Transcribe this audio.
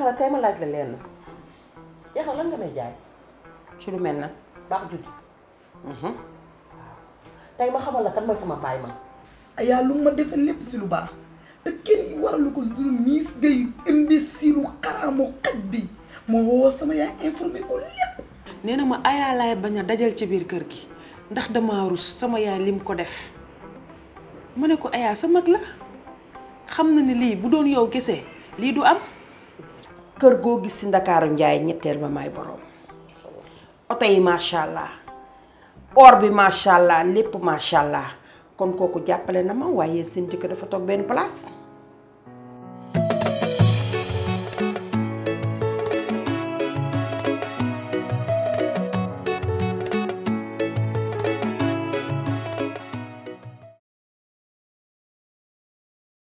yaxam ma laaj la lenn yaxam lan nga jaay ci lu mel na baax juddi mhm. waaw tey ma xamal la kan mooy sama baay ma ayaa lu ma defal lépp si lu baax te kenn waralu ko dul miis gayu imbécile lu xaraamu xaj bi moo woo sama yaay informé ko lépp nee na ma ayaa laay bañ a dajal ci biir kër gi ndax dama rus sama yaay lim ko def ma ne ko ayaa sa mag la xam na ni lii bu doon yow gisee lii du am kër goo gis si ndakaaru njaay ñetteel ba may borom oto yi macha allah or bi macha allah lépp macha allah kon kooku jàppale na ma waaye seen jëkkër dafa toog benn place.